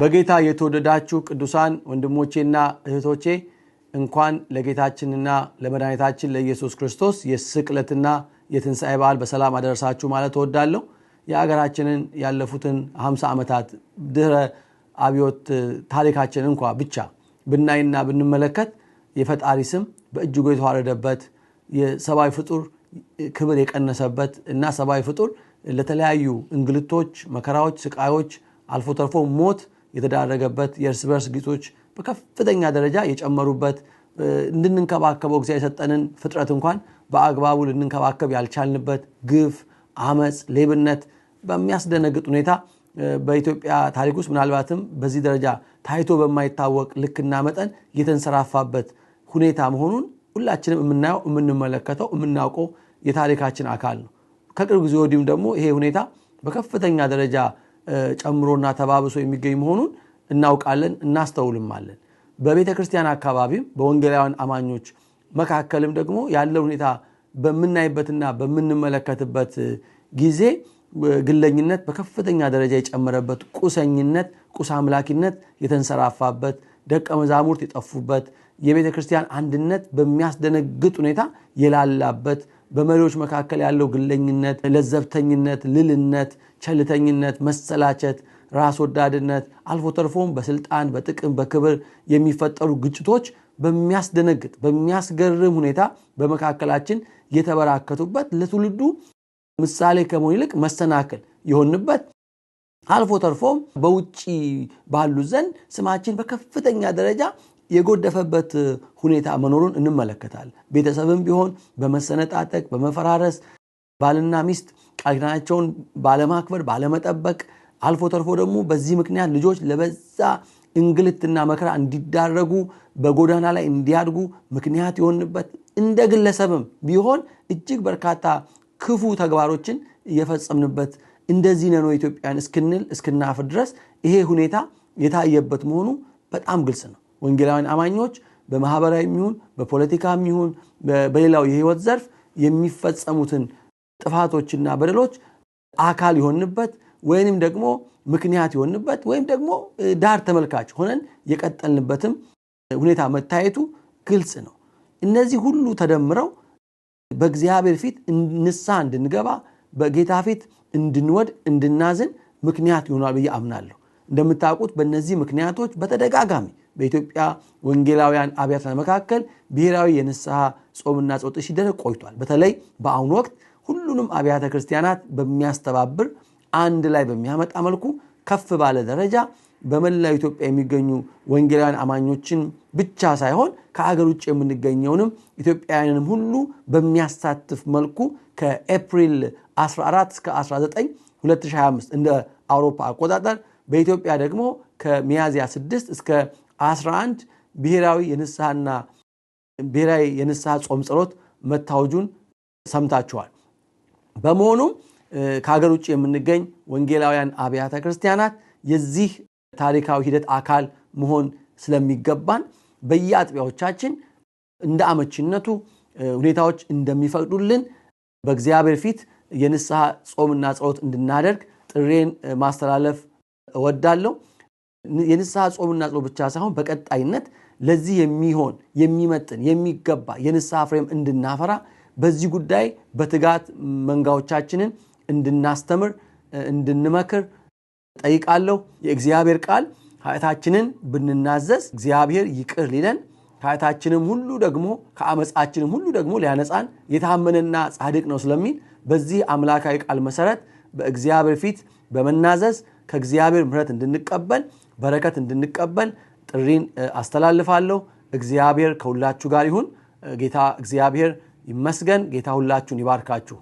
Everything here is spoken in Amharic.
በጌታ የተወደዳችሁ ቅዱሳን ወንድሞቼና እህቶቼ እንኳን ለጌታችንና ለመድኃኒታችን ለኢየሱስ ክርስቶስ የስቅለትና የትንሣኤ በዓል በሰላም አደረሳችሁ ማለት ወዳለሁ የአገራችንን ያለፉትን 50 ዓመታት ድህረ አብዮት ታሪካችን እንኳ ብቻ ብናይና ብንመለከት የፈጣሪ ስም በእጅጉ የተዋረደበት የሰብዊ ፍጡር ክብር የቀነሰበት እና ሰብዊ ፍጡር ለተለያዩ እንግልቶች፣ መከራዎች፣ ስቃዮች አልፎ ተርፎ ሞት የተዳረገበት የእርስ በርስ ግጭቶች በከፍተኛ ደረጃ የጨመሩበት እንድንንከባከበው ጊዜ የሰጠንን ፍጥረት እንኳን በአግባቡ ልንንከባከብ ያልቻልንበት ግፍ፣ አመፅ፣ ሌብነት በሚያስደነግጥ ሁኔታ በኢትዮጵያ ታሪክ ውስጥ ምናልባትም በዚህ ደረጃ ታይቶ በማይታወቅ ልክና መጠን የተንሰራፋበት ሁኔታ መሆኑን ሁላችንም የምናየው የምንመለከተው የምናውቀው የታሪካችን አካል ነው። ከቅርብ ጊዜ ወዲሁም ደግሞ ይሄ ሁኔታ በከፍተኛ ደረጃ ጨምሮና ተባብሶ የሚገኝ መሆኑን እናውቃለን፣ እናስተውልማለን። በቤተ ክርስቲያን አካባቢም በወንጌላውያን አማኞች መካከልም ደግሞ ያለ ሁኔታ በምናይበትና በምንመለከትበት ጊዜ ግለኝነት በከፍተኛ ደረጃ የጨመረበት፣ ቁሰኝነት፣ ቁስ አምላኪነት የተንሰራፋበት፣ ደቀ መዛሙርት የጠፉበት የቤተ ክርስቲያን አንድነት በሚያስደነግጥ ሁኔታ የላላበት በመሪዎች መካከል ያለው ግለኝነት፣ ለዘብተኝነት፣ ልልነት፣ ቸልተኝነት፣ መሰላቸት፣ ራስ ወዳድነት አልፎ ተርፎም በስልጣን በጥቅም በክብር የሚፈጠሩ ግጭቶች በሚያስደነግጥ በሚያስገርም ሁኔታ በመካከላችን የተበራከቱበት ለትውልዱ ምሳሌ ከመሆን ይልቅ መሰናክል የሆንበት አልፎ ተርፎም በውጭ ባሉ ዘንድ ስማችን በከፍተኛ ደረጃ የጎደፈበት ሁኔታ መኖሩን እንመለከታል። ቤተሰብም ቢሆን በመሰነጣጠቅ በመፈራረስ ባልና ሚስት ቃል ባለማክበር ባለመጠበቅ አልፎ ተርፎ ደግሞ በዚህ ምክንያት ልጆች ለበዛ እንግልትና መከራ እንዲዳረጉ በጎዳና ላይ እንዲያድጉ ምክንያት የሆንበት እንደ ግለሰብም ቢሆን እጅግ በርካታ ክፉ ተግባሮችን እየፈጸምንበት እንደዚህ ነኖ ኢትዮጵያን እስክንል እስክናፍር ድረስ ይሄ ሁኔታ የታየበት መሆኑ በጣም ግልጽ ነው። ወንጌላውያን አማኞች በማህበራዊ ይሁን በፖለቲካ ይሁን በሌላው የህይወት ዘርፍ የሚፈጸሙትን ጥፋቶችና በደሎች አካል የሆንበት ወይንም ደግሞ ምክንያት የሆንበት ወይም ደግሞ ዳር ተመልካች ሆነን የቀጠልንበትም ሁኔታ መታየቱ ግልጽ ነው። እነዚህ ሁሉ ተደምረው በእግዚአብሔር ፊት ንሳ እንድንገባ በጌታ ፊት እንድንወድ እንድናዝን ምክንያት ይሆናል ብዬ አምናለሁ። እንደምታውቁት በእነዚህ ምክንያቶች በተደጋጋሚ በኢትዮጵያ ወንጌላውያን አብያተ መካከል ብሔራዊ የንስሐ ጾምና ጾጥ ሲደረግ ቆይቷል። በተለይ በአሁኑ ወቅት ሁሉንም አብያተ ክርስቲያናት በሚያስተባብር አንድ ላይ በሚያመጣ መልኩ ከፍ ባለ ደረጃ በመላው ኢትዮጵያ የሚገኙ ወንጌላውያን አማኞችን ብቻ ሳይሆን ከአገር ውጭ የምንገኘውንም ኢትዮጵያውያንንም ሁሉ በሚያሳትፍ መልኩ ከኤፕሪል 14 እስከ 19 2025 እንደ አውሮፓ አቆጣጠር በኢትዮጵያ ደግሞ ከሚያዝያ 6 እስከ 11 ብሔራዊ የንስሐና ብሔራዊ የንስሐ ጾም ጸሎት መታወጁን ሰምታችኋል። በመሆኑም ከሀገር ውጭ የምንገኝ ወንጌላውያን አብያተ ክርስቲያናት የዚህ ታሪካዊ ሂደት አካል መሆን ስለሚገባን በየአጥቢያዎቻችን እንደ አመችነቱ ሁኔታዎች እንደሚፈቅዱልን በእግዚአብሔር ፊት የንስሐ ጾምና ጸሎት እንድናደርግ ጥሬን ማስተላለፍ እወዳለሁ። የንስሐ ጾምና ጾም ብቻ ሳይሆን በቀጣይነት ለዚህ የሚሆን የሚመጥን የሚገባ የንስሐ ፍሬም እንድናፈራ በዚህ ጉዳይ በትጋት መንጋዎቻችንን እንድናስተምር እንድንመክር ጠይቃለሁ። የእግዚአብሔር ቃል ኃጢአታችንን ብንናዘዝ እግዚአብሔር ይቅር ሊለን ከኃጢአታችንም ሁሉ ደግሞ ከአመፃችንም ሁሉ ደግሞ ሊያነፃን የታመነና ጻድቅ ነው ስለሚል በዚህ አምላካዊ ቃል መሰረት በእግዚአብሔር ፊት በመናዘዝ ከእግዚአብሔር ምረት እንድንቀበል በረከት እንድንቀበል ጥሪን አስተላልፋለሁ። እግዚአብሔር ከሁላችሁ ጋር ይሁን። ጌታ እግዚአብሔር ይመስገን። ጌታ ሁላችሁን ይባርካችሁ።